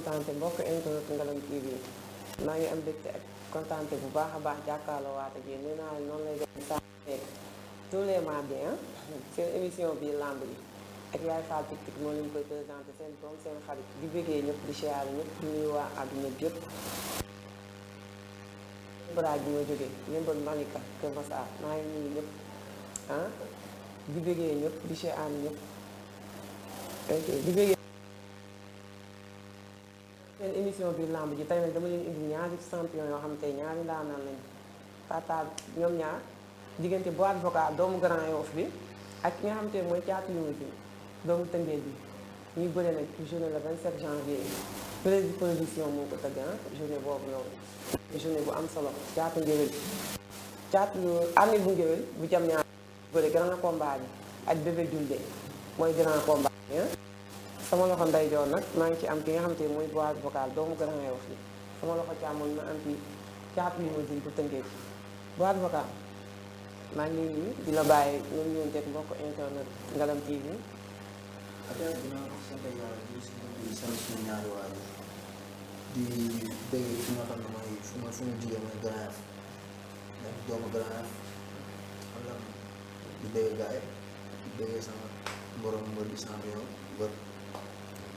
kontante mbokk internet Ngalam TV maa ngi am mbégte ak kontante bu baax a baax jàkkaarloo waat ak yéen naa la noonu lay def saa nekk tous les mardis seen émission bi lamb yi ak yaay Fall Tuk Tuk moo leen koy présenté seen doom seen xarit di bëggee ñëpp di siyaar ñëpp nuyu waa àdduna bi yëpp braaj bi ma jógee Ndiambal Malika Kër di bëggee ñëpp di siyaar di bëggee seen émission bi lamb ji tey nag dama leen indi ñaari champion yoo xam te ñaari ndaanaan lañu tata ñoom ñaar diggante bu avocat doomu Grand Yoff bi ak ki nga xam te mooy caatu yooyu bi doomu tëngee bi ñuy bëre nag journée le 27 janvier prési production moo ko tëgg ah, journée boobu noonu journée bu am solo caatu ngéwél caatu armée bu ngéwél bu jam ñaar bëre grand combat bi ak bébé julde mooy grand combat bi ah. sama loxo ndeyjoor nag maa ngi ci am ki nga xamante ni mooy boîte vocale doomu gën a may wax yi sama loxo càmmoñ ma am ci caatu yi ma jëm bu tënkee ci boîte vocale maa ngi leen di bàyyi ñoom mbokk internet Ngalam TV. affaire bi maa fu ma fu ma jugee mooy Grand Yoff doomu Grand Yoff di béy gaay di béy sama borom mbër bi champion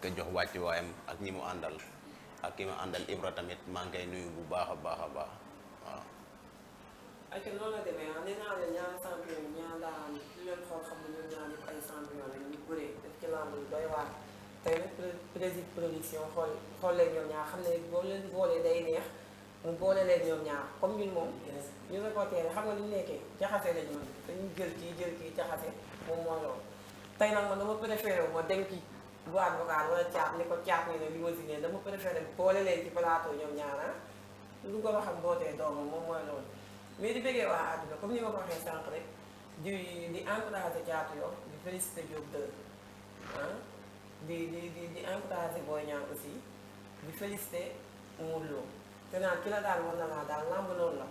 ko jox wàcc waayam ak ñi mu àndal ak ki mu àndal Ibra tamit maa ngi koy nuyu bu baax a baax a baax waaw. ak la demee ah ay champion la ñu bëree def ci làmb yu doy waar xam ne boo leen neex mu boole leen ñoom ñaar comme ñun moom. ñu reporter xam nga ni ñu nekkee jaxase la ñun dañuy jël kii jël kii jaxase moom moo lool tey nag man dama préféré ma denc. boîte vocale wala caab ni ko caab ni ne limousine dama préféré boole leen ci plateau ñoom ñaara lu ko waxam bootee doomam moom mooy loolu mais di bëggee waa àdduna comme ni ma ko waxee sànq rek di di encouragé Thiatou Yoff di félicité Diop 2 ah di di di di encouragé Boy Niang aussi di félicité Modou Lo te naan ki la daal war na laa daal lamb noonu la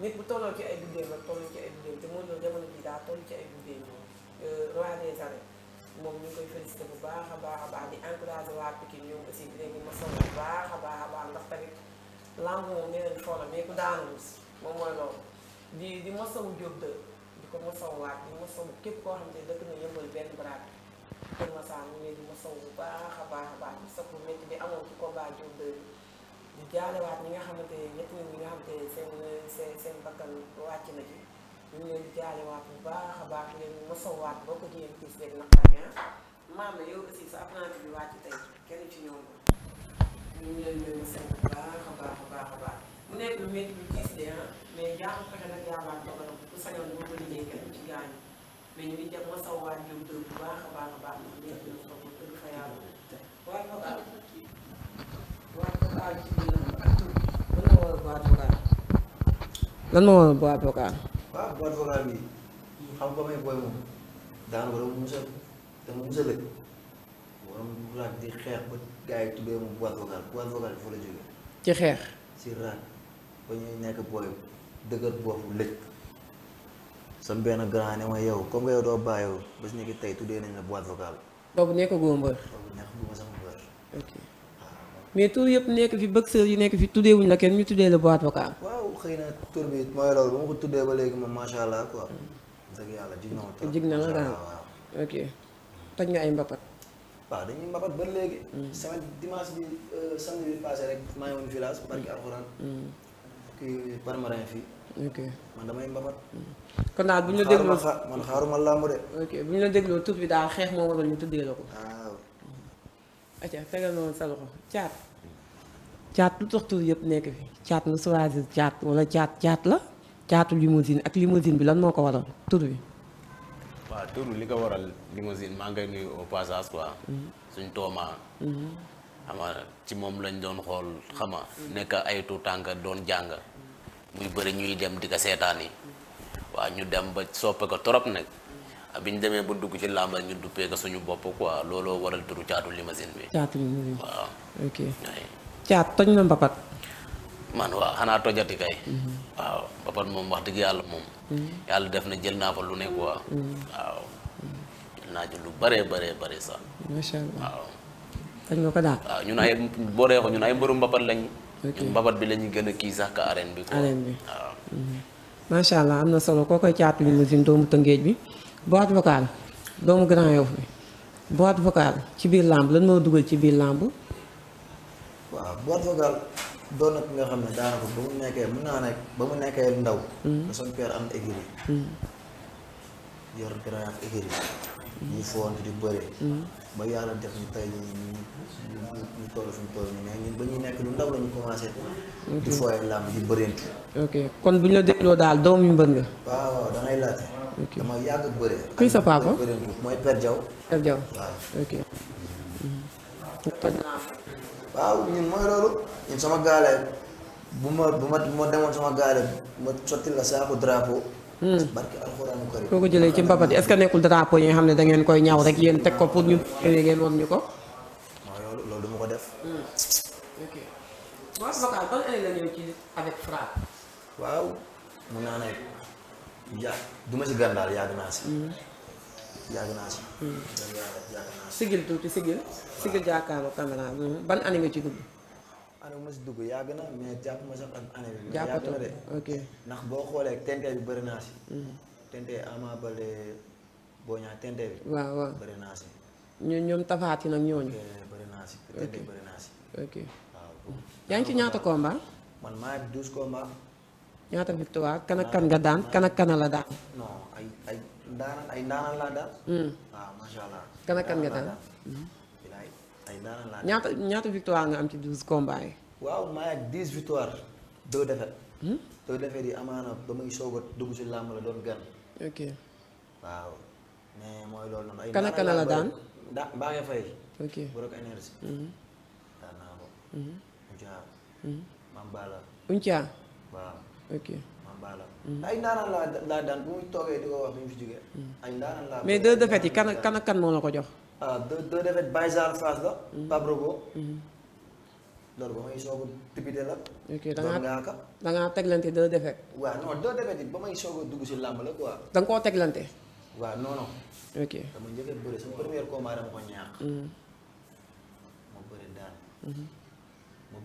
nit bu tolloo ci ay buddeem ak tolloo ci ay buddeem te Modou Lo jamono bi daal toll ci ay buddeem roi des arènes moom ñu ngi koy félicité bu baax a baax a baax di encouragé waa Pikine ñoom aussi di leen di masawu bu baax a baax a baax ndax tamit lamb moom nee nañu foola mais ku daanul moom mooy loolu di di masawu Diop de di ko masawu waat di masawu képp koo xam ne dëkk na yëmbal benn bras bi Kër Massar mu ngi leen di masawu bu baax a baax a baax di sax bu métti bi amoon ci combat Diop de di jaalewaat ñi nga xamante ne ñett ñi nga xamante ne seen seen seen bakkan wàcc na ci. ñu leen di jaalewaat bu baax a baax leen masawaat boo ko jiyeen gis leen naqari ah. maam la yow aussi sa apprenti bi wàcc tey kenn ci ñoom ñu ngi leen leen masal bu baax a baax a baax a baax mu nekk lu métti lu gis de ah mais jaamu fexe nag yaabaat ba borom bu sañoon boo ko liggéey kenn ci gaañu mais ñu ngi dem masawaat ñoom tër bu baax a baax a baax ndax ñëpp ñu ko ko dëgg fa yàlla waaye ko aal waaye ko aal ci biir lan moo waral boîte vocale lan moo waral boîte vocale boîte vocale bi xam ko may booy moom daan war a musa dama musa lëkk waroon raat di xeex ba gars yi tuddee moom boîte vocale boîte bi fa la jógee ci xeex si raat ba ñuy nekk booy dëgër boobu lëj sam benn grand ne ma yow comme nga yow doo bàyyiw ba si nekk tey tuddee nañ la boîte vocale boobu nekk goo mbër sama mbër ok mais tur yëpp nekk fi boxeur yi nekk fi tuddee wuñ la kenn ñu tuddee la boîte vocale. waaw xëy na tur bi mooy loolu ba ma ko tuddee ba léegi moom macha allah quoi. dëgg yàlla jig ma jig na la daal ok nga ay mbapat. waaw dañuy mbapat ba léegi. Mm. semaine dimanche bi euh, samedi bi passé rek maa ngi woon village barki alxuraan. Mm. kii parmarin fii. ok man damay mbapat. Mm. kon daal bu ñu la dégloo man xaaruma làmb de. ok bu ñu tur bi daal xeex moo waral ñu tuddee la ko. waaw. acca tegal noonu sa loxo caat. caat lu tax tur yëpp nekk fi caat lu choisir caat wala caat caat la caatu limousine ak limousine bi lan moko waral tour bi. waaw tour li ko waral limousine ma ngay nuyu au passage quoi. Mhm. suñ toma hmm ama ci mom lañ doon xol xama nek ay tuut tanga doon jàng. muy beure ñuy dem diga ko wa ñu dem ba soppe ko torop nag. Ah, bi ñu bu dugg ci làmba ñu duppé ko suñu bop quoi lolo waral turu caatu limousine bi. caatu limousine waaw. ok. caat toj na mbapat man waaw xanaa tojati kay waaw mbapat moom wax dëgg yàlla moom yàlla def na jël naa fa lu ne quoi waaw jël naa ci lu bare bare bare sax macha allah waaw dañ nga ko daal waaw ñun ay boo dee ko ñun ay mbëru mbapat lañ ñun mbapat bi lañu gën a kii sax ka arène bi quoi arène mhm. allah am na solo koo koy caatu limousine doomu tëngéej bi boîte vocale doomu Grand Yoff bi boîte vocale ci biir làmb lan moo dugal ci biir làmb waaw boîte vocale doon na ki xam ne daanaka ba nekkee mën naa nekk ba mu nekkee ndaw. Mm. da son père am écurie. Mm. yor yi écurie. ñuy foonte di bëree. Mm. ba yàlla def ñu tey ñu ñu ñu toll fi mu toll nii mais ñun ba ñuy nekk lu ndaw la ñu commencé. Mm-hmm. di fooyee làmb di bëreent. ok kon bu ñu la dégloo daal doom yu mbër nga. waaw waaw da ngay laajte. ok dama yàgg bëree. kuy sa papa mooy Père Diaw. Père Diaw ok. Mm-hmm. waaw ñun mooy loolu ñun sama gaale bu ma bu ma ma demoon sama gaale ma sotti la saako drapeau. Hmm. barke alxuraanu karim. soo ko jëlee ci mbapat yi est-ce que nekkul drapeau yi nga xam ne da ngeen koy ñaaw rek yéen teg ko pour ñu. yéen ngeen woon ñu ko. mooy loolu loolu duma ko def. Hmm. ok Mass Vocal ban année la ci avec Fra. waaw mun naa ne yaa du ma si gàndaal yàgg naa si. yàgg naa si. yàgg naa sigil tuuti sigil. sigil jàkkaarloo caméra hmm. ban année nga ci dugg. année ma si dugg yàgg ya, na mais kan jàpp ma sax ya, ak année bi. jàppatoo na de ok ndax tente bi hmm. tente Ama Baldé boo ñaa tente bi. waaw waaw bëri naa si. ñun ñoom tafaati nag ñooñu. bëri naa si tente bëri naa si. ok waaw. yaa ci ñaata combat. man combat. ñaata victoire kan ak kan nga daan kan ak kan la daan. non ay ay. ndaanaan ay ndaanaan laa daal. Hmm. waaw macha allah. kan ak kan nga hmm. daal. ñaata ñaata victoire nga am ci douze combats yi. waaw maa ak dix victoire deux défaites. Hmm? deux défaites yi amaana ba muy soog a dugg si làmb la doon gan. ok waaw mais mooy loolu noonu. ay kan ak daan da mbaa nga fay. Unca. Mambala. ay ndaanaan laa laa daan bu muy toogee di ko wax duñu fi mm. yi kan kan ak kan moo na ko jox. ah deux deux la. Mm. Pape Robo. Mm. loolu ba may soog a la. ok da ngaa da ngaa teglante deux défaites. waaw non deux défaites yi ba may soog dugg si làmb la quoi. koo teglante. waa non non. ok dama njëkk a bëri ma bëri daan. Mm-hmm. ma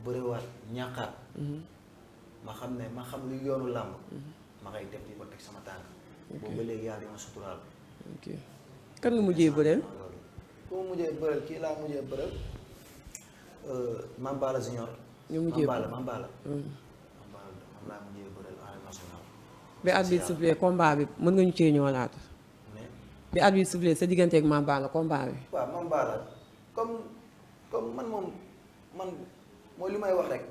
mm-hmm. ma xam ne ma xam lu yoonu làmb. Mm-hmm. Maka ngay def di ko teg sama tànk. boobu ba léegi yàlla dama ok kan nga mujjee bëreel. ku mu mujjee bëreel kii laa mujjee bëreel. Mambala Junior. nga mujjee Mambala Mambala. Hmm. Mambala moom laa mujjee bëreel arène nationale. bi at bi sifflé combat bi mën nga ñu cee ñëwalaat. bi at bi sifflé sa digganteeg Mambala combat bi. waaw Mambala comme comme man moom man mooy li may wax rek.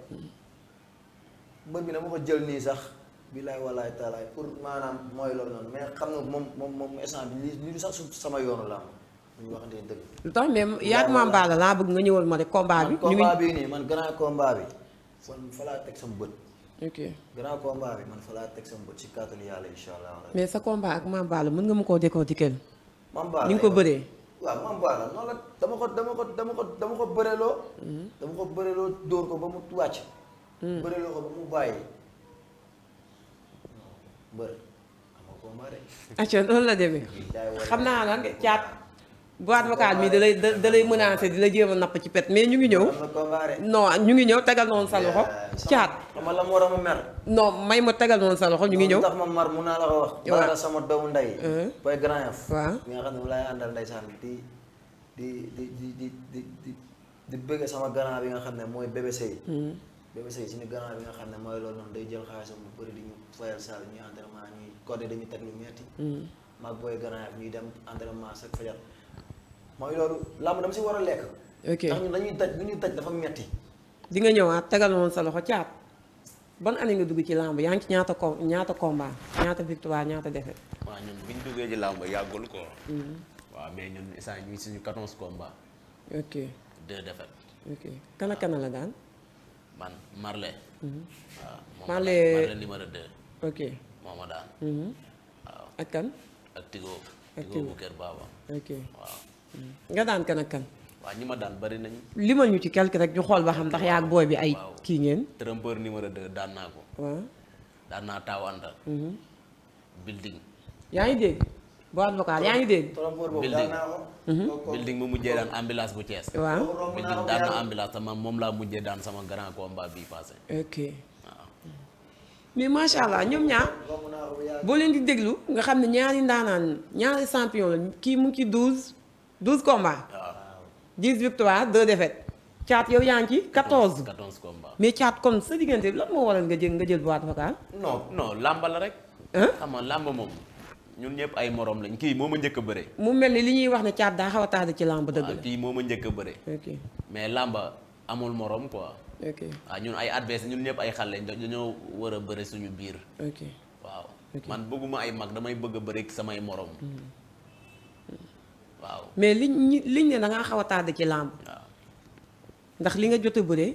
bër hmm. bi dama ko jël nii sax. bilaay walaay taalaay pour maanaam mooy loolu noonu mais xam nga moom moom moom instant bi li li sax su sama yoonu la am wax dee dëgg. lu tax mais yaa maam Balla laa bëgg nga ñëwal ma rek combat bi. man grand combat bi man fa laa teg sama bët. ok grand combat bi man fa laa teg sama bët ci kàttanu yàlla incha allah. mais sa combat ak maam mën nga ma koo décortiquer. maam Balla ni nga ko bëree. waaw maam Balla noonu la dama ko dama ko dama ko dama ko bëreloo. Mhm. dama ko bëreloo dóor ko ba mu wàcc. Mhm. bëreloo ko ba mu bàyyi. mbër ama koo acca loolu la demee xam naa nag caat boîte vocale mi da lay da lay menacé di la jéem a napp ci pet mais ñu ngi ñëw non ñu ngi ñëw tegal noonu sa loxo caat ma la mu may ma tegal noonu sa loxo ñu ngi ñëw tax ma mar mun naa la sama doomu ndey booy grand yof waaw mi nga xam di di di di di di di bëgg sama grand bi nga xam ne mooy BBC Bébé ci ni grand bi nga xam moy mooy non day jël xaalisam bu bari di ñu fayal sal ñu entraînement ñu codé dañu tek lu metti hmm mag boy grand ñu dem entraînement sax fajar moy loolu lamb dama ci wara lek ok tax ñu dañuy daj bu ñu daj dafa metti di nga ñëwaat tegal woon sa loxo caat ban année nga dugg ci lamb yaa ngi ci ñaata ko ñaata combat ñaata victoire ñaata défait wa ñun bi ñu duggee ci làmb yàggul ya, ko hmm wa mais ñun instant ñu ci ñu 14 combat ok deux défaites ok kala kala la daan man Marley. waaw mhm. ah, Marley Marley numéro 2. ok moo ma daan. waaw ak kan. ak Tigo. ak Tigo bu Kër Baaba. ok waaw. Mhm. nga daan kan ak kan. waaw ñi ma daan bari nañu. limal ñu ci quelque rek ñu xool ba xam ndax yaa ak booy bi ay. kii ngeen. trompeur numéro 2 daan naa ko. waaw daan naa taaw àndal. Mhm. yaa ngi dégg. boîte vocale yaa ngi dégg. building mhm. building bu mujjee daan ambulance bu Thiès. waaw building daan na ambulance sama moom laa mujjee daan sama grand combat bii passé. ok waaw. mais macha allah ñoom ñaar boo leen di déglu nga xam ne ñaari ndaanaan ñaari champion la kii mu ngi ci douze douze combats. waaw dix victoires deux défaites. caat yow yaa ngi ci quatorze. quatorze combats mais caat kon sa diggante lan moo waral nga jël nga jël boîte vocale. non non làmba la rek. xam nga làmba moom. ñun ñëpp ay moroom lañ kii moo ma njëkk a bëre. mu mel ni li ñuy wax ne caat daa xaw a tardé ci làmb dëgg la kii moo ma njëkk bëre. mais làmba amul moroom quoi. ok ñun ay adversaire ñun ñëpp ay xale lañ dañoo war a bëre suñu biir. ok waaw man bëgguma ay mag damay bëgg a bëre samay morom. Hmm. waaw mais liñ liñ ne da ngaa xaw a tardé ci làmb. ndax li nga jot a bëre.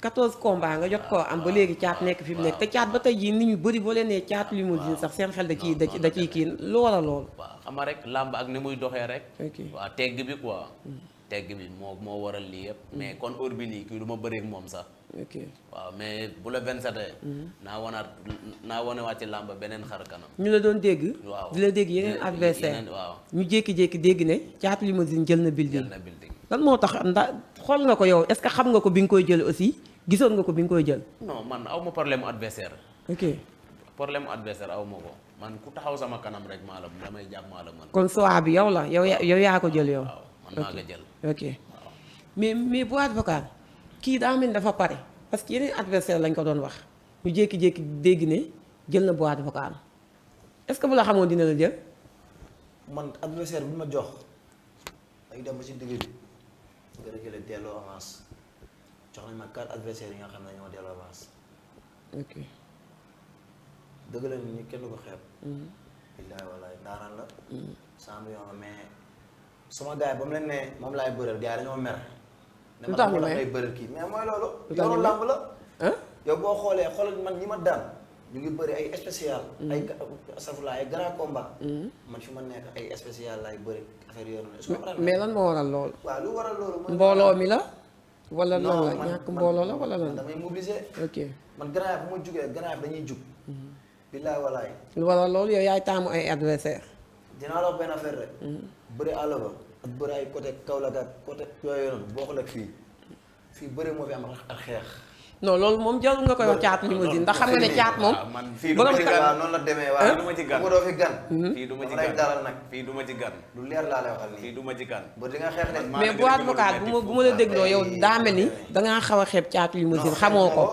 14 combats nga jot koo am ba léegi caat nekk fi mu nekk te caat ba tey jii ni ñu bëri boo leen nee caat limousine sax seen xel da kii da ciy kii loola lool. waaw nga rek làmb ak ni muy doxee rek. ok waaw tegg bi quoi. Hmm. tegg bi moo moo waral lii yëpp. Hmm. mais kon heure bi nii kii du ma bëreeg moom sax. ok waaw mais bu la 27. Hmm. naa wanaat naa wanewaat ci làmb beneen xar kanam. ñu la doon dégg. waaw di la dégg yeneen adversaire waaw ñu jékki-jékki dégg ne caat limousine jël na building. jël na building lan moo tax ndax xool nga ko yow est-ce que xam nga ko bi nga koy jël aussi. gisone nga ko bi nga koy jël. non man awma problème adversaire ok problème adversaire awma ko man ku taxaw sama kanam rek maa damay jàpp maa man kon so abi yow la yow yow ya ko jël yow. man na nga jël. ok mais mais bu advocat ki da amine dafa paré parce que yeneen adversaire lañ ko doon wax ñu jéki jéki dégg né jël na bu advocat est ce que bu la xamoon dina la jël. man adversaire bu ma jox. ay dem ci digg bi. nga reculer délo avance. jox nañ ma quatre yi nga xam ne ñoo dellu avance. ok. dëgg la nit ñi kenn du ko xeeb. Mm-hmm. billaay wallaay ndaanaan la. Mm-hmm. cent millions mais sama gars yi ba mu leen nee moom laay bëreel gars yi dañoo mer. lu tax ñu mer ne ma kii mais mooy loolu. lu tax la. yow boo xoolee xoolal man ñi ma daan ñu ngi bëri ay spécial. Mm-hmm. ay safula man fi ma nekk ay spécial laay bëri affaire yooyu. mais lan moo waral waral loolu. mbooloo mi la. wala la ñàkk mbooloo la wala la damay ok man grand bu ma jugee grand dañuy jug. Mhm. billaay walaay. wala loolu yow yaay taamu ay adversaire dinaa la wax benn affaire rek. Mhm. bëri àll ba ak bëri ay côté Kaolack ak côté yooyu noonu bokkul ak fii fii bëri moo fi am ak xeex. non loolu moom jarul nga koy wax caat limousine ndax xam nga ne caat moom. Ah, borom hmm? fii du ma ci gan la demee ma ci gan fii du ma ci gan dalal nag fii du ma ci gan. lu leer laa lay waxal nii nga xeex de mais bu avocat bu ma bu ma la dégloo yow daa mel ni dangaa xaw a xeeb caat limousine xamoo ko.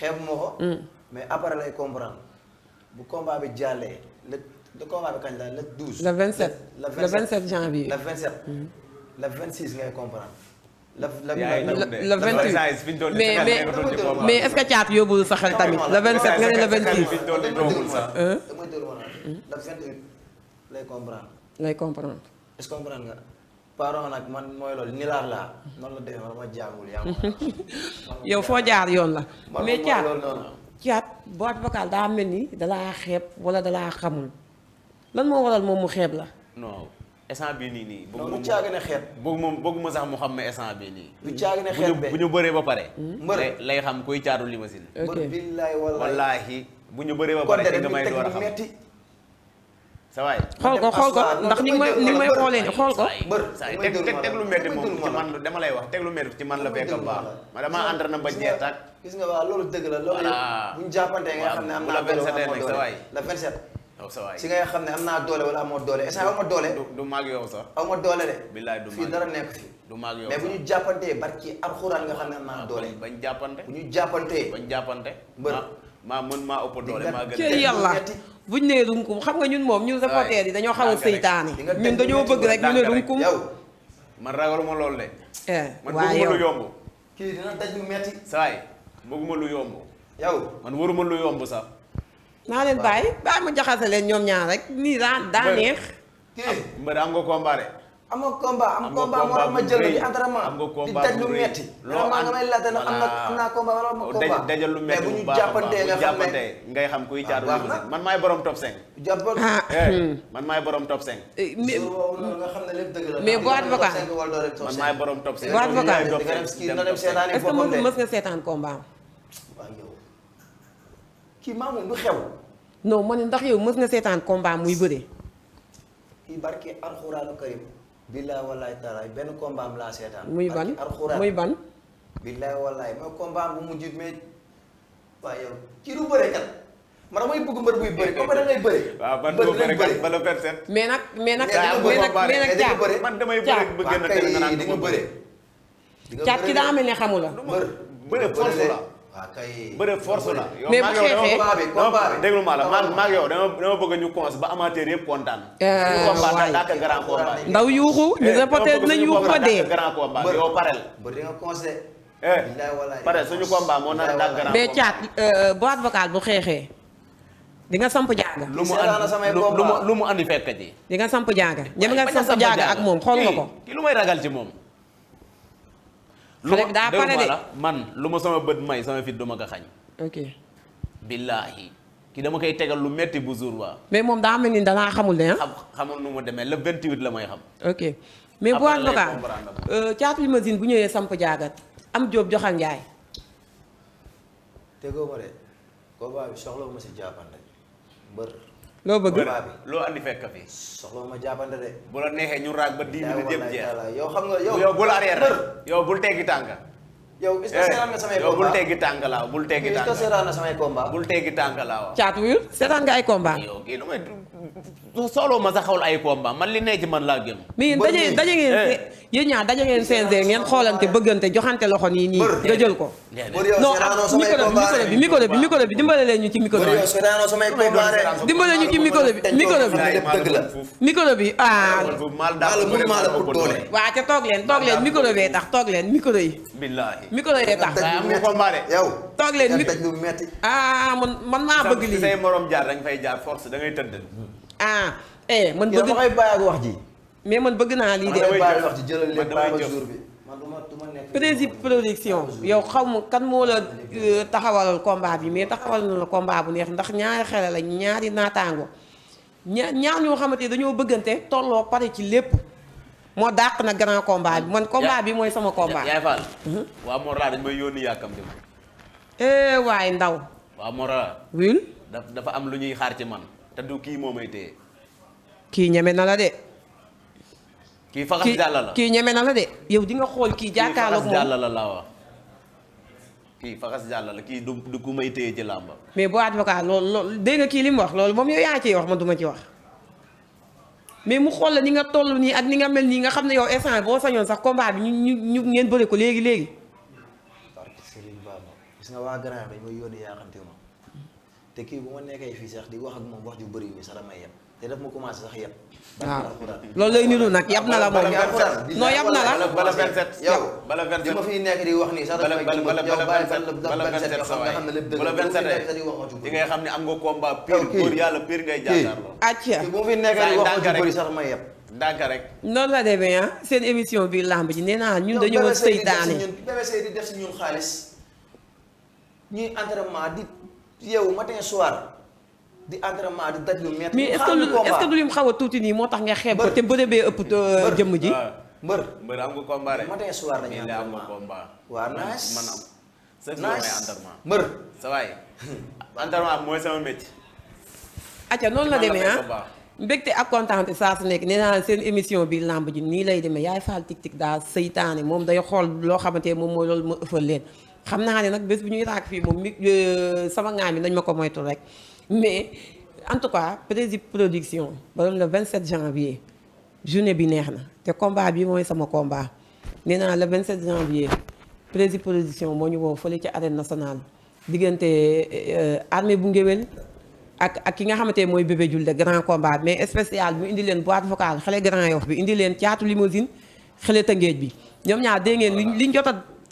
xeeb ma ko. Hmm? Hmm. mais après ay comprendre bu combat bi jàllee le le combat bi kañ la le 12. le 27 le 27 janvier le 27. le 26 ngay comprendre. la la la vingt huit mais mais est-ce que caat yóbbul sa tamit la vingt sept nga ne la vingt huit la vingt huit lay comprendre. lay comprendre. est-ce que comprendre nga. parent nag man mooy loolu ni laa laa la demee man ma jàngul yaa yow foo jaar yoon la. mais caat caat boîte vocale daa mel ni dalaa xeeb wala dalaa xamul lan moo waral moom mu xeeb la. essence bi nii nii. bëgg a xeet. moom bëgguma sax mu xam ne essence bii nii. du bu ñu bëree ba pare. Hmm? mbër lay xam kuy caatu limousine. ok billaay wallaahi. bu ñu bëree ba pare te nga may door a xam sa waay. xool ko xool ko ndax ni may ni may xoolee nii xool ko. bër saa yi teg teg lu métti moom ci man dama lay wax teg lu métti ci man la fekk baax. ma dama àndar na ba jeex tàkk. gis nga waaw loolu dëgg la loolu. voilà bu ñu jàppante nga xam ne am naa. la 27 nag sa waay la 27. Oh, si ngay xam ne am naa doole wala amoo doole est-ce doole du maag yow sax aw ma doole de billaay du fii dara nekk fi du maag yow mais bu ñu jàppantee barki alxuraan nga xam ne naa ah, doole bañ jàppante bu ñu jàppantee bañ jàppante mbër ah, maa mën maa ëpp doole maa gën ci yàlla buñ nee runkum xam nga ñun moom ñun supporters yi dañoo xaw a seytaane ñun dañoo bëgg rek ñu ne runkum yow man ragaluma loolu de eh, man bëgguma lu yomb kii dina daj lu metti saay bëgguma lu yomb yow man waruma lu yomb sax naa leen bàyyi bàyyi ma jaxase leen ñoom ñaar rek nii daa daa neex. mbër am nga combat de. am nga combat am combat moo tax ma jël di entraînement di daj lu metti vraiment nga may laajte ne am na am naa combat wala ma combat dajal lu metti bu ñu jàppantee nga xam ne ngay xam kuy caatu ah, man maay borom top 5 jàppal ah. eh, man maay borom top 5 eh, mais nga xam ne lépp dëgg la mais boo avocat man maay borom top 5 boo avocat est-ce que mës nga seetaan combat am kii maa moom du xew. non ma ne ndax yow mës nga seetaan combat muy bëre. kii barki alxuraanu karim. billaay wallaay taalaay benn combat laa seetaan. muy ban muy ban. billaay wallaay mooy combat bu mujj mais waaye yow kii du bëre kat man damay bëgg mbër buy bëri comme da ngay bëri. mais nag mais nag. mais nag mais nag caa man damay bëri bëgg na dem nga naan du ma bëri. caat ki daa mel ne xamula. la. bëre force la mais bu xeexee déglu ma la maa ngi yow dama bëgg ñu cons ba amateur yëpp kontaan euh, ñu combat da yuuxu ñu reporter nañu yuuxu ba dee grand combat eh, yow parel bëri nga conseil parel suñu combat moo naan da grand caat boîte vocale bu xeexee di nga samp jaaga lu mu mu lu mu andi fekk ji di nga samp jaaga ñem nga samp jaaga ak moom xool nga ko ki lu may ragal ci moom daa pare de man lu ma sama bët may sama fit du ma ko xañ. ok. billaahi ki dama koy tegal lu metti bu jour ba. mais moom daa mel nii danaa xamul ne ah. xam xamul nu mu demee le 28 la may xam. ok mais bu avocat caatu limousine bu ñëwee samp jaagat am jóob joxal njaay. tegoo ma de combat bi soxla ma si jàppante mbër. loo bëgg loo andi fekk fi ma jàppante de bu la neexee ñu raag ba dix minutes yëpp jeex yow xam nga yow yow bul arrière rek yow bul teggi tànka yow est-ce eh, que seetaan nga samay combat yow bul teggi tànk laaw bul teggi tànk est-ce que seetaan nga samay combat caat wuyul seetaan nga ay combat soxla ma sax xawul ay combat man li ne ci man laa gëm. mais yéen daje ngeen eh. se yéen ñaar daje ngeen CNG ngeen xoolante bëggante joxante loxo nii nii nga jël ko. non ah, micro bi micro bi micro bi dimbale leen ñu ci micro bi. dimbale ñu ci micro bi micro bi. micro bi ah. waaw te toog leen toog leen micro bee tax toog leen micro yi. micro yee tax. leen micro ah man man maa bëgg lii. say morom jaar dañ fay jaar force da ngay tëdd ah. eh man bëgg wax ji. mais man bëgg naa lii de. damay bàyyi wax ji yow xaw ma kan moo la euh, taxawalal combat bi mais taxawal na la combat bu neex ndax ñaari xele la ñaari naataango ñaar ñaar ñoo xamante dañoo bëggante tolloo pare ci lépp. moo dàq na grand combat bi man combat bi mooy sama combat. yaay Fall. Mhm. waaw Morala dañ may yónni yàkkamti ma. Eh, ndaw. waaw dafa am lu ñuy xaar ci man. te du kii moo may téye. kii ñeme na la de. kii faxas jàll la kii ñeme na la de. yow di nga xool kii jàkkaarloog moom kii faxas jàll la waaw. kii faxas jàll la kii du du ku may téye ci làmba. mais bu avocat lool loolu dégg kii li mu wax loolu moom yow yaa ciy wax man duma ci wax. mais mu xool la ni nga toll nii ak ni nga mel nii nga xam ne yow instant boo sañoon sax combat bi ñu ñu ngeen bëri ko léegi léegi. te ki buma ma nekkee fii sax di wax ak mom wax ju bëri bi sa dama yem te daf mu commencé sax yem. waaw lay niru nak yem na la moom no yem na la bala verset. yow bala verset di fi nekk di wax nii sax bala bala bala bàyyi verset. bala verset. yow nga xam verset. lépp bala 27 di wax wax ju bëri di nga am nga combat pire pour yalla pire ngay lo acca bu fi nekk di wax ju bëri sax damay yem. dànk rek. noonu la demee ah seen émission bi làmb ji nee naa ñun dañoo seytaane. di def si ñun xaalis ñuy entraînement di yeewu matin soir di entraînement di daj lu métti. mais est ce que est ce que xaw a tuuti nii moo tax nga xeeb ba te bëre bee ëpp euh, jëmm ji. mbër mbër am nga combat rek la ñuy entraînement waa naas man am chaque sa mooy sama métier acca noonu la demee ah mbégte ak kontaante saa su nekk nee naa seen émission bi làmb ji nii lay demee yaay faal tik tik daa seytaane moom day xool loo xamante moom mooy loolu ma ëffal leen xamna naa ne nag bés bu ñuy raak fii moom euh, sama ngaam yi nañ ma ko moytu rek mais en tout cas prési production le 27 janvier journée bi neexna te combat bi moy sama combat néna le 27 janvier prési production moo ñu woo fële ci arène nationale diggante euh, armée bu ngewel ak ak ki nga xamanté moy bébé jul de grand combat mais spécial bu indi len boîte vocale xalé grand yof bi indi len caatu limousine xalé tëngéej bi ñom ñaar dégg ngeen liñ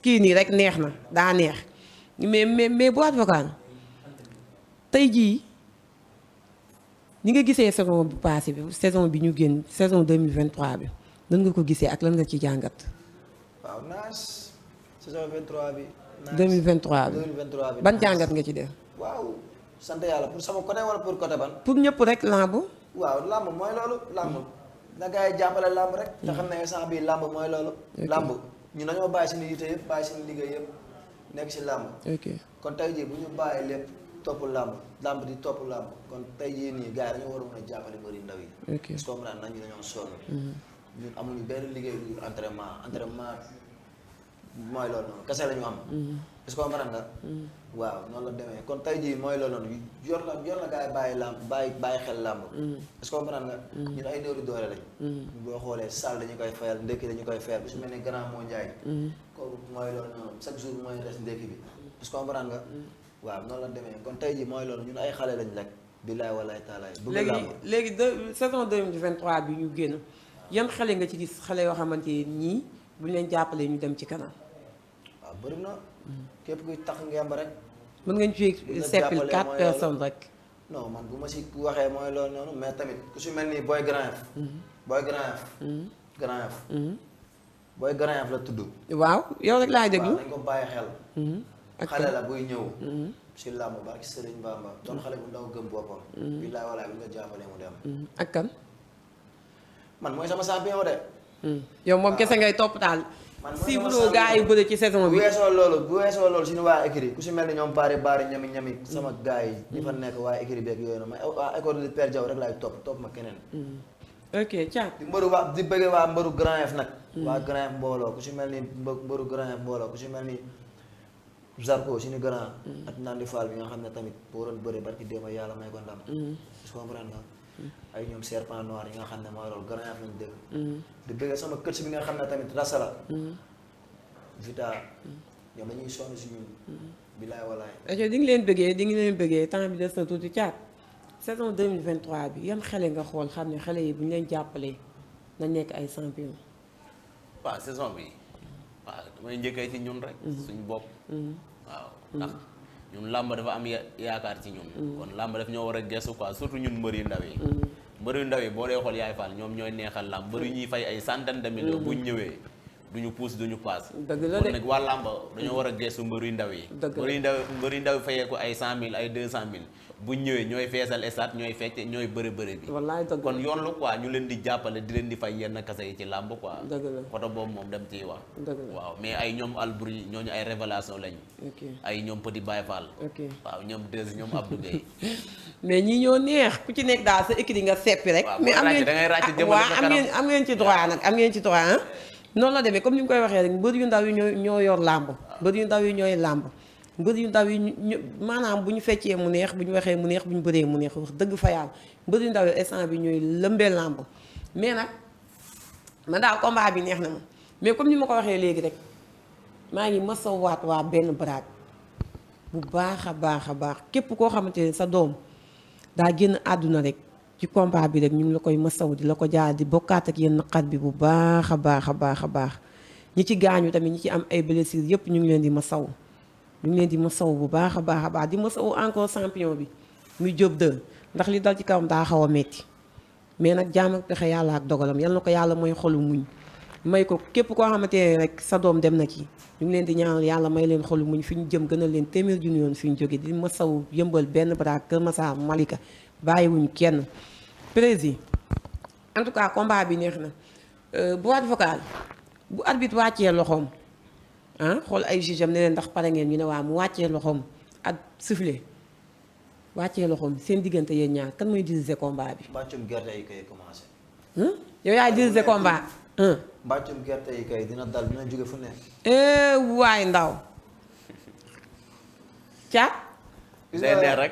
kii nii rek neex na daa neex mais mais mais boîte vocale tey jii ni nga gisee saison bu passé bi saison bi ñu génn saison mille 2023 bi nan nga ko gisee ak lan nga ci jàngat. waaw naas saison 23 bi. naas 2023 bi bi ban jàngat nga ci dem waaw sant yàlla pour sama côté wala pour côté ban. pour ñëpp rek lamb. waaw lamb mooy loolu. lamb hmm. na gars yi jàppale rek. te hmm. xam ne instant bii lamb mooy loolu. lamb. ñu dañoo bàyyi seen yitte yëpp bàyyi seen liggéey yëpp nekk si làmb kon tey jii bu ñu bàyyi lépp topp làmb làmb di topp làmb kon tey jii nii gars yi dañoo war a mën a jàppale bëri ndaw yi parce que comprendre nañu dañoo sonn mhm. ñun amuñu benn liggéey lu entraînement entraînement mooy loolu noonu kese la ñu am mhm. est-ce que comprendre nga. Mm. waaw noonu la demee kon tey jii mooy loolu noonu yor la yor la gars yi bàyyi làmb bàyyi bàyyi xel làmb. Mm. est-ce que comprendre nga. Mm. ñun ay néew di doole lañ. boo xoolee salle dañu koy fayal ndekki dañu koy fayal bi su mel ne grand moo njaay. kooku mooy loolu noonu chaque jour mooy des ndekki bi. est-ce que comprendre nga. waaw noonu la demee kon tey jii mooy lool ñun ay xale lañ rek. bilaay walaay taalaay. bëgg làmb léegi léegi saison 2023 bi ñu génn. yan xale nga ci gis xale yoo xamante ni ñii bu leen jàppalee ñu dem ci kanam. képp kuy tax ngemb rek. mën ngeen ci seppil quatre personnes rek. non man buma ci si waxee mooy loolu noonu mais tamit ku ci melni Boy Grand F. Mm-hmm. Boy Grand F. Mm-hmm. Grand F. Mm-hmm. Boy Grand la tuddu waaw yow rek la deglu dañ ko baye xel. xale la boy ñew ñëw. si làmb barki Serigne Bamba don xale bu ndaw gëm bopam billaay walaay bi nga jàppalee mu dem. ak kan. man moy sama sa bien wo de. Mm. yow mom kese ngay top dal suivre gars yu bëri ci saison bi. bu weesoo loolu bu weesoo loolu suñu waa écrit ku si mel ni ñoom Paare Baare ñami ñami mm. sama gars yi. ñi fa mm. nekk waa écrit beeg yooyu noonu ma waa école de Père Diaw rek ma keneen. Mm. ok Thiam. di mbëru waa di bëggee waa mbëru Grand F nag. waa Grand F mbooloo ku si mel ni mbëru Grand F mbooloo ku si mel ni Zarko suñu grand. ak Nandi Fall bi nga xam ne tamit boo doon bëree barki démb yàlla may ko ndam. comprendre nga. ay ñoom serpent noir yi nga xam ne mooy loolu grand yaaf lañ dëkk mm. di bëgg sama kër si bi nga xam ne tamit rasala mm. vita mm. ñoom dañuy sonn si ñun bilaay walaay aco eh, di ngi leen bëggee di ngi leen bëggee temps bi des na tuuti caat saison 2023 bi yan xale nga xool xam ne xale yi bu ñu leen jàppalee na nekk ay champion waaw saison bi waaw damay njëkkee ci ñun rek suñ bopp waaw ñun làmb dafa am yaakaar ci ñun. Mm. kon làmb daf ñoo war a gëstu quoi surtout ñun mbër yu ndaw yi. Mm. mbër yu ndaw yi boo dee xool yaay faal ñoom ñooy neexal làmb mbër yu ñuy fay ay centaine de millions mm. bu ñu ñëwee. duñu puus duñu paas dëgg la de nag waa làmba dañoo war a geesu yu ndaw yi mbëru ndaw mbëru ndaw fayeeku ay cent mille ay deux cent mille bu ñëwee ñooy feesal estaat ñooy fecc ñooy bëre bëre bi. wallaay dëgg kon yoon la quoi ñu leen di jàppale di leen di fay yenn kase yi ci làmb quoi. dëgg la moom dem ciy wax. dëgg la waaw mais ay ñoom Alboury ñooñu ay révélation lañu. ok ay ñoom Petit Baye Fall. ok waaw ñoom Deuxi ñoom Abdou Gueye. mais ñi ñoo neex ku ci nekk daal sa écrit nga seppi rek. mais am ngeen da ngay ràcc ah, jëmale sa kanam am ngeen ci droit ah. noonu la demee comme ni mu koy waxee rek mbër yu ndaw yi ñoo ñoo yor làmb mbër yu ndaw yi ñooy làmb mbër yu ndaw yi ñu maanaam bu ñu feccee mu neex bu ñu waxee mu neex bu ñu bëree mu neex wax dëgg fa yàlla mbër yu ndaw yi instant bi ñu lëmbee làmb mais nag man daal bi neex na ma mais comme ni ma ko waxee léegi rek maa ngi ma masawaat waa benn baraag bu baax a baax a baax képp koo xamante ne sa doom daa génn àdduna rek ci combat bi rek ñu ngi la koy masaw di la ko jaar di bokkaat ak yenn naqar bi bu baax a baax a baax a baax ñi ci gaañu tamit ñi ci am ay blessures yépp ñu ngi leen di ma saw lu ngi leen di ma saw bu baax a baax a baax di ma masaw encore champion bi muy Diop 2 ndax li dal ci kawam daa xaw a metti mais nag jaam ak pexe yàlla ak dogalam yal na ko yàlla mooy xolu muñ may ko képp koo xamante ne rek sa doom dem na ci ñu ngi leen di ñaan yàlla may leen xolu muñ fi ñu jëm gën a leen téeméer junni yoon fi ñu jógee di ma masaw yëmbal benn baraag Kër Masaa Malika bàyyiwuñ kenn prési en tout cas combat bi neex na euh, boîte vocale bu arbitre wàccee loxoom ah xool ay juge am ne leen ndax pare ngeen ñu ne waa mu wàccee loxoom ak sifflet wàccee loxoom seen diggante yéen ñaar kan mooy diriger combat bi. mbàccum gerte yi kay commencé. yow yaay diriger combat. mbàccum gerte yi kay dina dal dina jóge fu eh, ndaw ca day neex rek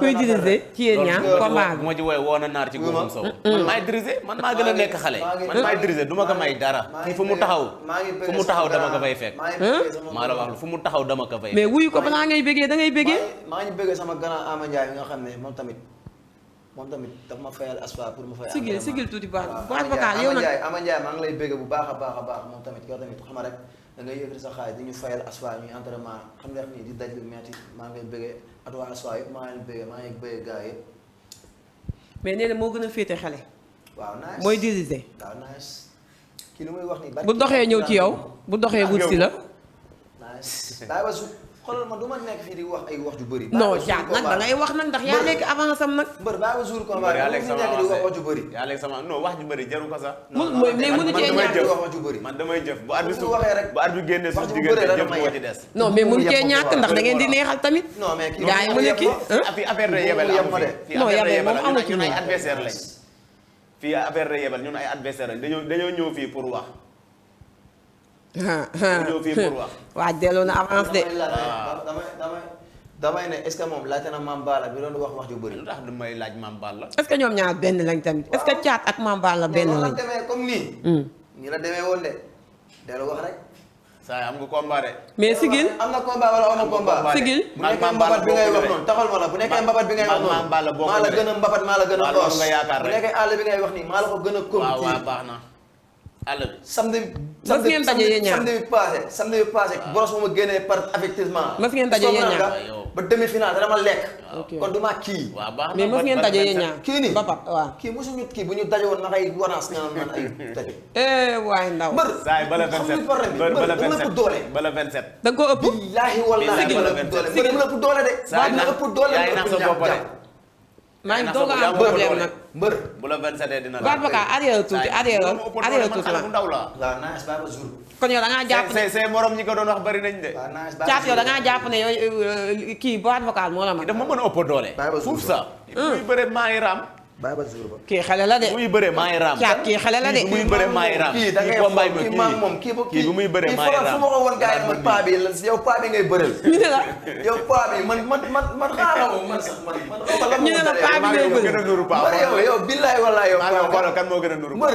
kuy diriger ci yéen ñaar combat ma ci woowee woo na naar ci góoram mm. man maay diriger man maa a nekk xale man ma ko may mu taxaw fu mu taxaw dama ko fay fekk maa la fu mu taxaw dama ko fay mais wuyu ko balaa ngay bégee da ngay bégee maa ngi bégee sama grand Ama Ndiaye nga xam ne moom tamit moom tamit daf ma fayal aspa pour ma fayal sigil sigil tuuti baax baax vocal yow nag maa ngi lay bégee bu baax a baax a baax moom tamit yow tamit xam rek da ngay yëkkati sa xaalis di ñu fayal aspa ñuy entraînement xam ne di daj lu maa ngi lay bégee at waa soi yëpp maa ngi bëgg maa mais nee na moo gën a féete xale waaw nice mooy diriger waaw kii lu muy wax ni bu doxee ñëw ci yow bu doxee ah, wut si la nice xoolal ma du ma nekk fii di wax ay wax ju bëri. non jaar nag da ngay wax nag ndax yaa nekk avance am nag. mbër baa ba jour combat yaa nekk sama di wax wax ju bëri. yaa nekk sama non wax ju bëri jaru ko sax. mu mooy mais mënu cee ñaan di wax wax ju bëri. man damay jëf bu arbitre waxee rek. bu arbitre génnee suñu diggante jëf moo ci des. non mais mënu cee ñàkk ndax da ngeen di neexal tamit. non mais kii gaa yi mu ne kii. fii affaire de yebel amu fi. non yebel moom amu ci ñun ay adversaire lañ. fii affaire de yebel ñun ay adversaire lañ dañoo dañoo ñëw fii pour wax waa delloo na avance de. damay ne est-ce que moom laajte na Mame Balla bi loolu wax wax ju bëri. lu tax du may laaj Mame Balla. est que ñoom ñaar benn lañ tamit est-ce que caat ak Mame Balla benn lañ. demee comme nii. Hmm. nii la demee woon de. dellu wax rek. saa am nga combat de. bu nekkee mbabat bi ngay wax noonu maa la gën a mbabat maa la gën a. maa a yaakaar rek bu nekkee àll bi ngay wax nii maa la ko gën a. waaw waaw baax na àll bi samedi. mas ngeen daje yéen ñaar samedi bi a génnee par avertissement. mas ngeen daje dama lekk. Ah, kon du ma kii. waaw baax mais mas ngeen daje yéen kii nii. ba pap waaw kii mosu ñu kii bu ñu daje woon na ay warance nga man ay daje. waay ndaw. mbër bala 27 bala 27 doole. sigil sigil mbër mu doole de. saa yi doole maa ngi doog a mbër bu la 27 dina la Barbacar arrière tuuti arrière arrière tuuti la ndaw la waaw naaj ba jour kon yow da ngaa jàpp ne say morom ñi ko doon wax bari nañ de caat yow ngaa jàpp ne euh, kii kii Barbacar moo la ma daf ma mën a ëpp doole fuuf sa hmm. yu bëre maa ngi raam bàyyi ba jour ba. kii xale la de. muy bëree maay raam caat kii xale la de. muy bëree maay raam kii da ngay xool kii maam moom kii ba kii bi muy bëree maay raam kii fu ma ko woon gars yi man paa bi yow paa bi ngay bëreel. ñu ne la yow paa bi man man man man xaaral man sax man man xaw ma. ñu ne la paa bi ngay bëreel gën a nuru paa. yow yow billaay wallaay yow. maanaam kan moo gën a nuru mbër.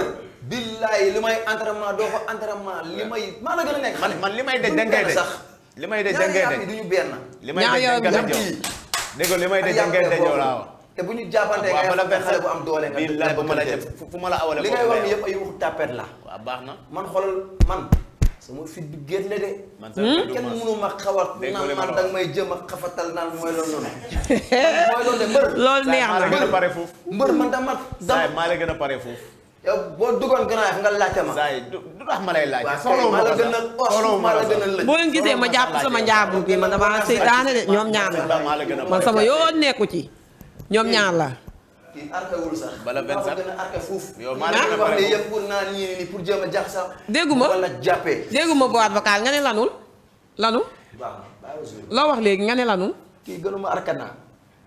billaay li may entraînement doo ko entraînement li may. maa la gën a nekk man man li may de dangay de li may de dangay de. ñaar yow duñu benn. li may de dangay de ñëw laa te bu ñu jàppante nga xam ne xale bu am doole nga. bii laaj bu ma la jëm fu ma la awalee li ngay wax ni yëpp baax na man xoolal man. sama fit bi génn man hmm? kenn mënu ma xaw a naan man may jëm ak xafatal naan mooy loolu noonu. mooy loolu de mbër. loolu neex na mbër pare foofu. mbër man da mat. maa la gën a pare foofu. yow boo duggoon gannaaw yi nga laajte ma. saa du tax ma lay laajte. soxla ma la gën a os ma la a lëj. boo leen jàpp sama njaabu bi man damaa seytaane de ñoom ñaar la man sama yoon nekku ci. ñoom ñaar la. kii arkewul sax. bala benn sax gën a arke a jàpp sax. ma wala jàppee. déggu ma boîte vocale nga ne lanul. lanu. loo wax léegi nga ne lanul.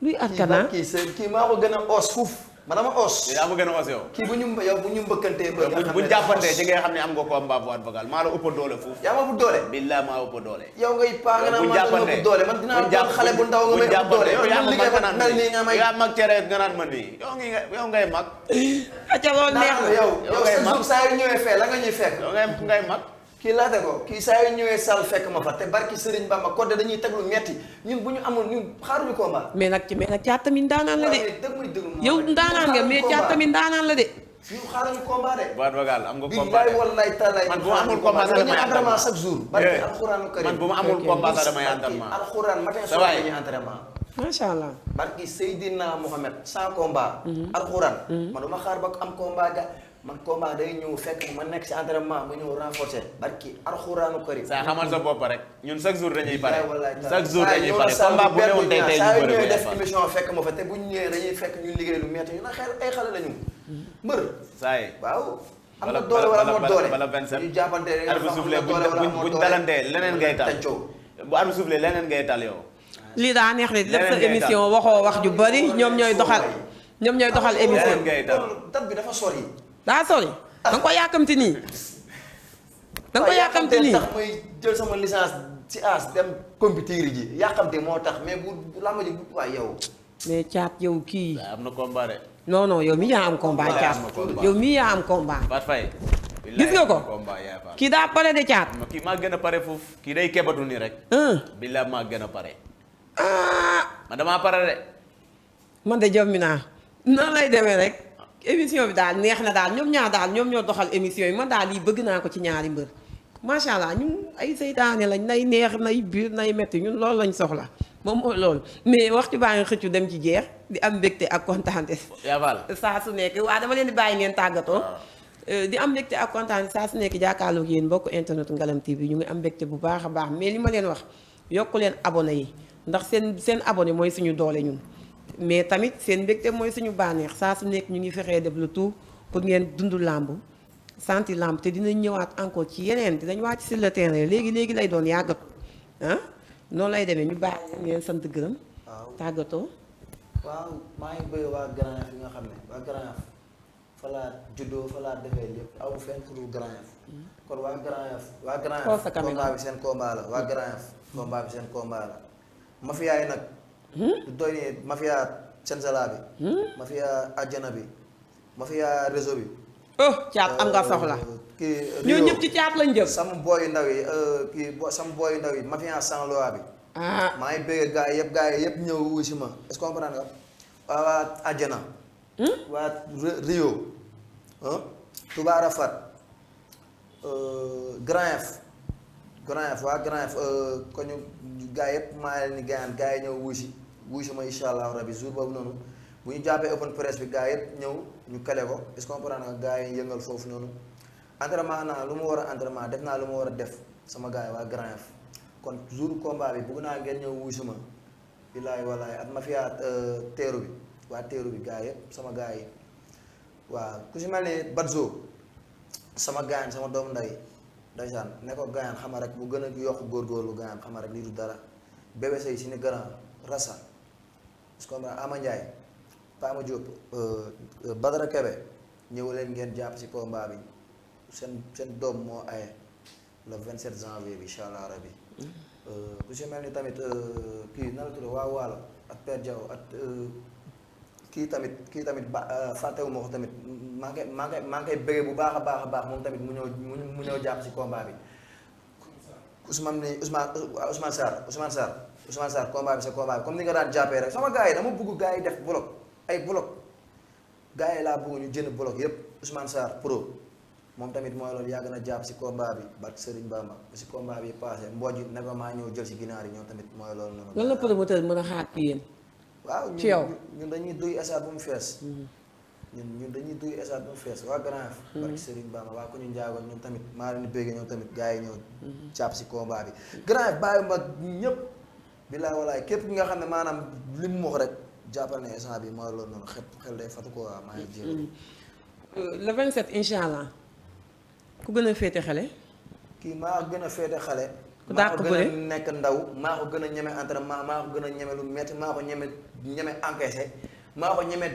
luy arkana kii seen kii gën a os foofu. ma dama os. yaa ma gën os yow. kii bu ñu yow bu ñu mbëkkantee ba. nga xam ne bu ñu jàppantee ci nga xam ne am nga combat voix vocale maa la ëpp doole foofu. yaa ma bu doole. billaay maa ëpp doole. yow ngay paa nga la ëpp doole man dinaa doon mag cere nga naan man nii yow ngay mag. acca neex na sa jour saa yu ñëwee fee ngay mag. kii laate ko kii saa yu ñëwee sal fekk ma fa te barki Serigne Bamba Codé dañuy teg metti ñun bu ñu amul ñun xaaruñu combat. mais man bu ma amul combat eh, man bu ma amul combat sax damay entraînement. alxuraan matin eh? allah. barki Seydina Mohamed sans combat. Mhm. alxuraan. Mhm. man du ma xaar ba am combat ga man combat day ñëw fekk ma nekk si entraînement ma ñëw renforcer barki alxuraanu kari saa xamal sa bopp rek ñun chaque jour dañuy pare chaque jour dañuy pare combat bu newoon tey tey ñu bëri def émission fekk ma fa te bu ñu ñëwee dañuy fekk ñu liggéey lu metti ñu na xel ay xale lañu mbër saa yi waaw am na doole wala moo doole bala vingt-sept ñu jàppante arbi soufflé buñ dalantee leneen ngay tal bu arbi soufflé leneen ngay tal yow lii daa neex de def sa émission waxoo wax ju bari ñoom ñooy doxal ñoom ñooy doxal émission date bi dafa sori daa sori ah. da nga ko yàkkamti nii. da ko yàkkamti nii tax jël sama licence si as dem compétir ji yàkkamti moo tax mais bu bu ji bu waay yow. mais caat yow kii. am na combat de. non non yow mi yaa am combat caat yow mi yaa am combat. gis nga ko kii daa pare de caat. kii maa gën a pare foofu kii day kebatu nii rek. bilaa maa gën a pare. Ah! man damaa pare de. man de jom naa. nan lay demee rek. émission bi daal neex na daal ñoom ñaar daal ñoom ñoo doxal émission yi ma daal yi bëgg naa ko ci ñaari mbër macha allah ñun ay seytaane lañ nay neex nay biir nay metti ñun loolu lañ soxla moom mooy loolu mais waxtu ci baa nga xëccu dem ci jeex di am mbégte ak kontaante saa su nekk waa dama leen di bàyyi ngeen tàggatoo di am mbégte ak kontaante saa su nekk jàkkaarloog yéen bokk internet Ngalam TV ñu ngi am mbégte bu baax a baax mais li ma leen wax yokku leen abonné yi ndax seen seen abonné mooy suñu doole ñun mais tamit seen mbégte mooy suñu bànneex saa su nekk ñu ngi fexee def le tout pour ngeen dundu làmb santi làmb te dinañ ñëwaat encore ci yeneen dinañ wàcc si le terrain léegi léegi lay doon yàggat ah noonu lay demee ñu bàyyi ngeen sant gërëm. waaw tàggatoo. waaw maa ngi bëgg waa Grand Yoff yi nga xam ne waa Grand Yoff fa laa juddoo fa laa defee lépp aw fenn fu dul Grand Yoff hmm. kon waa Grand Yoff waa Grand Yoff combat bi seen combat la waa Grand Yoff combat seen combat la mafia doy hmm? ne mafia Senzala bi. Hmm? mafia Ajana bi hmm? mafia réseau bi. oh caat am nga soxla. ñu ñep ci caat lañ jëf sam boy ndaw yi kii bo sama booy ndaw yi mafia sans loi bi. ah may bëgg gaay yeb gaay yeb ñew wu ci ma est-ce que comprendre nga wa Ajana. wa Rio. Eh, Touba Arafat. Eh, Grand F. Grand F waa Grand F eh, ko ñu gaay yeb maa leen di gaay gaa yi wu ci wuy sama incha allah rabi jour boobu noonu bu ñu jàppee open press bi gars yëpp ñëw ñu kale ko est-ce yi yëngal foofu noonu entraînement naa lu mu war a entraînement def naa lu ma war a def sama gaa yi waa Grand Yoff kon jour combat bi bëgg naa ngeen ñëw wuy sama billaay wallaay ak mafia euh, teeru bi waa teeru bi gars yëpp sama gars yi waaw ku si mel ni Badjo sama gaañ sama doomu nday ndeysaan ne ko gaañ xama rek bu gën a yokk góor gaañ xama rek lii du dara bébé tu comprends Ama Ndiaye Pama Diop euh, euh, Badara Kebe ñëw leen ngeen jàpp ci combat bi seen seen doom moo aye le 27 janvier bi incha bi rabi. si mel ni tamit euh, kii na la tudd waa Waalo ak Père Diaw ak kii tamit kii tamit ba fàttewu ko tamit maa ngi maa ngi maa ngi koy bëggee bu baax a baax a baax moom tamit mu ñëw mu ñëw jàpp ci combat bi. Ousmane Ousmane Ousmane Sarr Ousmane Sarr. Ousmane Sarr combat bi sa combat bi comme ni nga daan jappé eh, rek sama gaay dama bëgg gaay def bloc ay eh, bloc gaay la bëgg ñu jënd bloc yépp Ousmane Sarr pro mom tamit moy lool yag na japp ci combat bi barke Serigne Bamba ci combat bi passé eh, mbooj ne ma maa ñëw jël ci ginaar ñoo tamit moy lool noonu. lan la promoteur mëna xaat ci yeen waaw ñun dañuy duy esaat bu mu fess ñun hmm. ñun dañuy duy esaat bu mu fess wa Grand Yoff. Hmm. Serigne Bamba wa ko ñu njaagoon ñun tamit maa leen di bégee ñoom tamit gaay yi hmm. japp ci combat bi Grand baay bàyyi ma ñëpp. billaay walaay képp ki nga xam ne maanaam li mu wax rek jàppal ne bi maa loolu noonu xel xel day fatu waa maa ngi jéem mm-hmm. euh, le 27 incha ku gën a féete xale. kii maa gën a féete xale. ku dàq ko gën a nekk ndaw maa ko gën a ñeme entre maa ko gën a ñeme lu metti maa ko ñeme ñeme encaissé maa ko ñeme.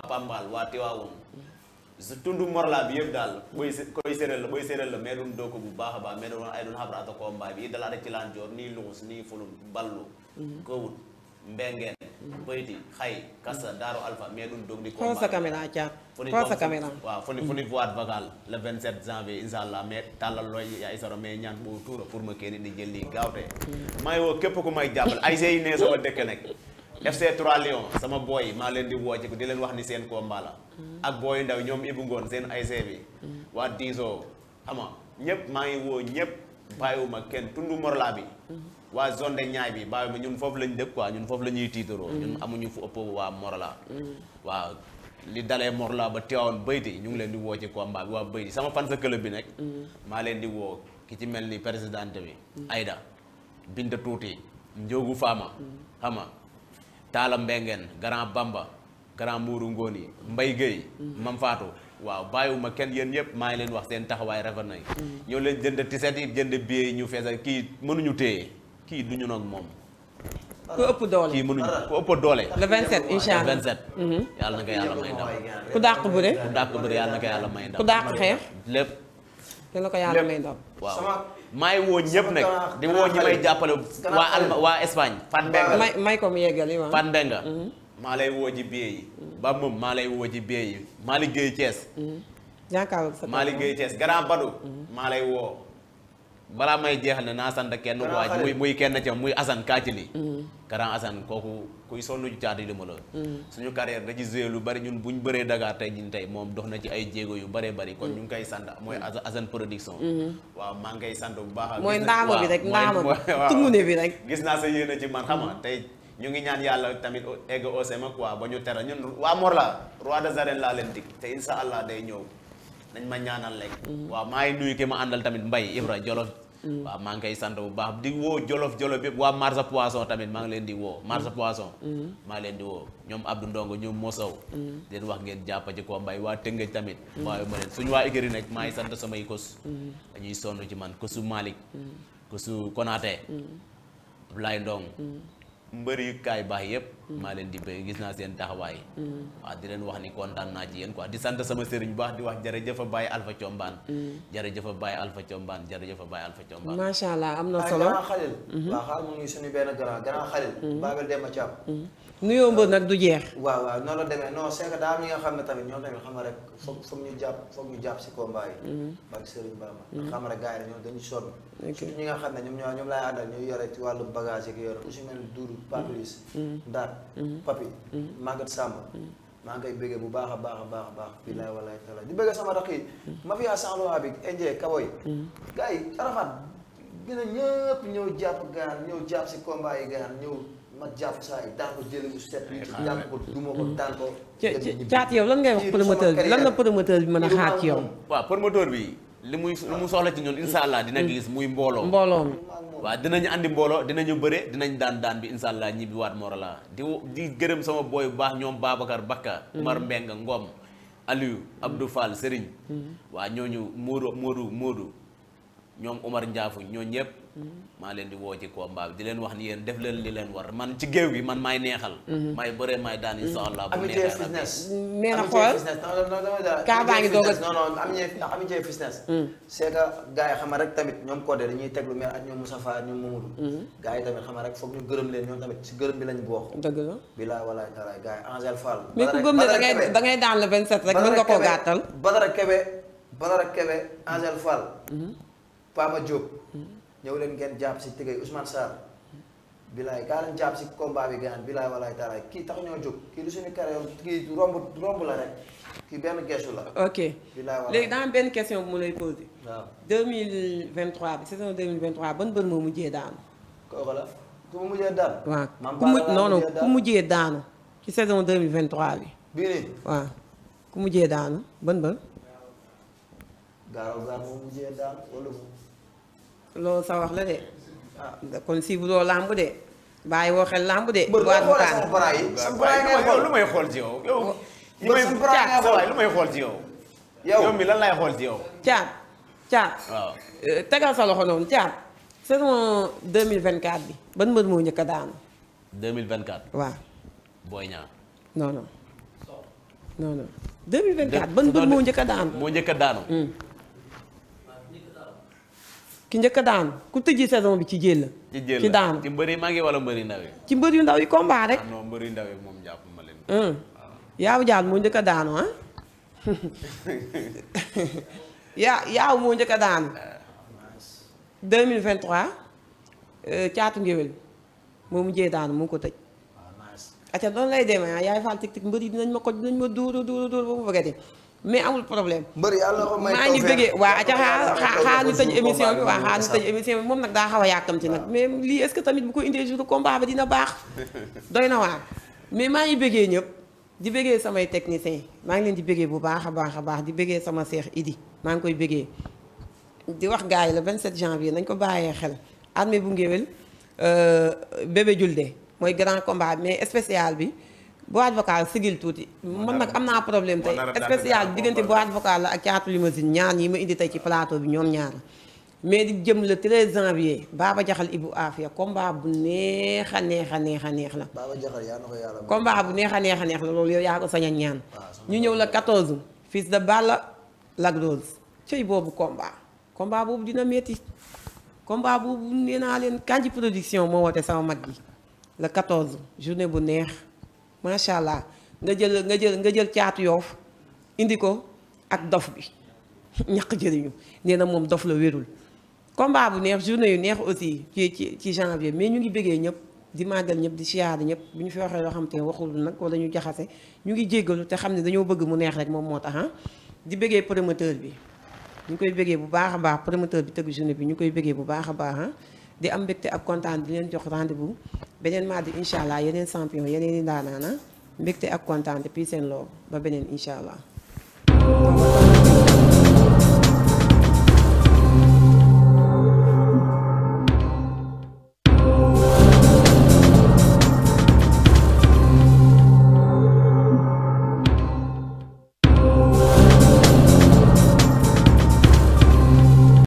Pambal waa Tiwaawoon tund Morla bi yëpp daal booy koy séeréer la booy séeréer la mais dun doo ko bu baax a baax mais doon ay doon xabrata combat bi dala a ci laan joor nii luxus nii fulum ballu mhm. kowut mbengeen mhm. bëyti xay kasa daaru alpha mais dun doog di xool sa caméra fu ni fu ni voie vocale le janvier insha allah tàllal looy yaay soro mais ñaan boo tuura pour ma kenn di jël lii gaawte mhm. may woo képp ku may jàppale ay see yi nee sama FC 3 Lions sama yi maa leen di woo ci di leen wax ni seen combat la ak booy ndaw ñoom Ibou ngoon seen ay bi waa Diso xam nga maa ngi woo ñëpp bàyyiwuma kenn tundu Morla bi waa zone de ñaay bi bàyyiwuma ñun foofu lañ dëkk waa ñun foofu la ñuy tiitaroo ñun amuñu fu ëpp waa Morla waaw li dalee Morla ba Tivaouane Beyti ñu ngi leen di woo ci combat bi waa Beyti sama fan sa club bi nag maa leen di woo ki ci mel ni présidente bi Aïda Binta Tuuti Njóogu Faama Talla Mbengeen Grand Bamba Grand ngoon Ngoni Mbaye Gueye Mam Fatou waaw bàyyiwuma kenn yéen yëpp maa ngi leen wax seen taxawaay rafet nañ ñoo leen jënd tiset yi jënd billet yi ñu feesal kii mënuñu téye kii du ñu noog moom ku ëpp doole kii mënuñu ku ëpp doole le 27 incha allah le 27 mhm. yàlla na ko yàlla may ndam ku dàq bëre ku dàq bëre yàlla na ko yàlla may ndam ku dàq xeex lépp yàlla ko yàlla may ndam waaw maay woo ñëpp nag di woo ñi may jàppale waa Alma waa Espagne. Fane Mbengue mhm. maa lay woo ji billet yi. Mhm. ba moom maa lay woo ji billet yi Malick Gueye Thiès. ñaakaar mhm. sa Malick Gueye Thiès Grand maa lay woo. balaa may jeexal ne naa sant kenn waa muy muy kenn ci muy Assane Kathily mm. grand Assane kooku kuy sonn ju caati li ma la mm. suñu carrière da ci joué lu bari ñun bu ñu bëree Dakar tey ñun tey moom dox na ci ay jéego yu bëree bari kon mm. ñu ngi koy sant mooy Assane production mm-hmm. waaw maa ngi koy sant bu baax mooy ndaama bi rek ndaama bi tungune bi rek gis naa sa yéene ci man xam nga tey ñu ngi ñaan yàlla tamit egg osema quoi ba ñu teral ñun waa Mor la roi des arènes laa leen dig te insha allah day ñëw nañ ma ñaanal rek mm-hmm. waaw maa ngi nuyu ki ma àndal tamit Mbaye Ibra Jolof Mm. waaw maa ngi koy sant bu baax di woo jolof jolof yëpp waa Marsa Poisson tamit maa ngi leen di woo Marsa mm. poison mm. maa ngi leen di woo ñoom Abdou Ndongo ñoom Mosow leen wax ngeen jàppa ci ko mbay waa Tëngëj tamit waaye ma leen suñu waa igëri nag maa ngi sant samay kos dañuy sonn ci man kosu Malick kosu Konaté Ablaye Ndong mbëri kaay baax yëpp malen di bëgg gis na sen taxaway wa di len wax ni kontaan na ci yéen quoi di sante sama serigne bax di wax jërëjëf Baye Alpha Thiombane. jërëjëf Baye Alpha Thiombane jërëjëf Baye Alpha chomban ma sha allah amna solo ah khalil wa xal mo ngi suñu ben grand grand xalil. Babel ci Thiam. nuyo mbo nak du jeex. wa wa noonu la deme non c'est que da nga xamne tamit ñoo tamit xam rek foog foog ñu japp foog ñu japp ci combat yi. ak Serigne Bamba. ndax xam rek gaay ñoo dañu sonn. ñi nga xamne ñom ñoo ñom lay andal ñu yore ci walu bagage ak yore ku si mel duru Doudou Patrice. Mhm. Ndar Mm-hmm. papi mm-hmm. Maguette Samb mm-hmm. maa ngi koy bëggee bu baax a baax a baax a baax billaay walaay taala di bëggee sama rakk yi mafia sans loi bi indien kaboy gars yi gën a ñëpp ñëw jàpp gaan ñëw jàpp si combat yi gaan ñëw ma jàpp saa yi daan ko jëlee bu set bi daan ko duma ko daan ko caat yow lan ngay wax promoteur bi lan la promoteur bi mën a xaar ci yow waaw promoteur bi li muy li mu soxla ci ñun insha allah dina mm. gis muy mbooloo mbooloo mi waaw dinañu andi mbooloo dinañu bëre dinañ daan daan bi insha allah ñibbi waat Morolan di di gërëm sama booy bu baax ñoom Babacar Bakka mm. Mar Mbengue ngoom Aliou Abdou mm. Fall Serigne waa ñooñu Modou Modou Modou ñoom Omar Ndiafu ñoo ñëpp maa leen di woo ci combat bi di leen wax ni yéen def leen li leen war man ci géew gi man maay neexal. Mhm. maay bëree maay daan incha mhm. allah. bu neexee rafet nee ngi doog a. non non amitié amitié fitness. Mhm. c'est que gars yi xam rek tamit ñoom Codé dañuy teg lu mel ak ñoom Moussa Fall ak ñoom Mamadou. gars yi tamit xam rek foog ñu gërëm leen ñoom tamit si gërëm bi lañ bokk. dëgg la bilaa wala dara gars Angel Fall. mais ku gëm ne da ngay da ngay daan le 27 rek mën nga koo gàttal. Badara Kebe Badara ñew leen ngeen jàpp ci tëgay Ousmane sar bilay ka leen jàpp ci combat bi gaan bilay walaay taalaay ki tax ñoo jog ki lu suñu carré kii romb romb la rek kii ben gestu la ok léegi daa dans ben question bu mu lay posé waaw 2023 bi saison 2023 ban mo moo mujjee daanu ko la ku mu mujjee daan waaw ku mu non ku mujjee daan ci saison 2023 bi bi ni waaw ku mujjee daan ban bër gaaraw gaar mu mujjee daan wala loolu sa wax la de. Ah, kon si bu làmb de. bàyyi woo xel làmb de. bu waat lu may xool ci yow. lu may xool ci yow. yow mi lan lay xool ci yow. caat caat. waaw eh, tegal sa loxo noonu caat. saison 2024 bi. ban mbër moo njëkk a daanu. 2024. waaw. Boy Niang. non non. non non. ban mbër moo njëkk a daanu. moo njëkk a daanu. Hmm. ki njëkk a daanu ku tëjji saison bi ci jël la. ci jël la ci daanu ci mag yi wala mbëri ndaw yi. ci mbëri yu ndaw yi combat rek. ah non ndaw yi moom jàpp ma ah. yaaw jaan moo njëkk a daanu ah. yaa yaaw moo njëkk a daanu. Ah, 2023 euh, caatu ngéwél moo mujjee daanu mu ko tëj. acca ah, doon lay demee ah yaay faal tik tik mbëri dinañ ma ko dinañ ma dóor dóor ba mu bëgg a mais amul problème. mbeur yalla ko may ma ngi bëggee wa aca xaar ha ñu tëj émission bi wa xaar ñu tëj émission bi moom nag daa xaw a yàkkamti nag mais li est-ce que tamit bu ko indé jour combat ba dina bax doyna wa mais ma ngi bëggee ñëp di bëggee sama technicien ma ngi leen di bëggee bu baaxa baaxa baax di bëggee sama cheikh Idi ma ngi koy bëggee di wax gaay yi le 27 janvier nañ ko bayé xel armée bu euh bébé julde moy grand combat mais spécial bi boîte vocale sigil Touti. man nag am naa problème tey spécial diggante boîte vocale la ak caatu limousine ñaar yi ma indi tey ci plateau bi ñoom ñaar mais di jëm le 13 janvier Baba Jaxal Ibu Afia combat bu neex a neex a neex a neex la combat bu neex a neex a neex la loolu yow yaa sañ ñaan ñu ñëw la 14 fils de Balla Lac Rose cëy combat combat boobu dina metti combat boobu nee naa leen Kandji production moo woote sama mag le 14 journée bu neex macha allah nga jël nga jël nga jël caatu yoof indi ko ak dof bi ñaq jëriñu nee na moom dof la wérul combat bu neex journée yu neex aussi ci ci ci janvier mais ñu ngi bëggee ñëpp di màggal ñëpp di siyaare ñëpp bu ñu fi waxee yoo xam te waxul nag wala ñu jaxase ñu ngi jéggalu te xam ne dañoo bëgg mu neex rek moom moo tax ah. di bëggee promoteur bi ñu koy bëggee bu baax a baax promoteur bi tëgg journée bi ñu koy bëggee bu baax a baax ah. di am mbégte ak kontaan di leen jox rendez-vous beneen mardi incha allah yeneen champion yeneen i ndaanaana ah. mbégte ak kontaan depuis seen lool ba beneen incha allah.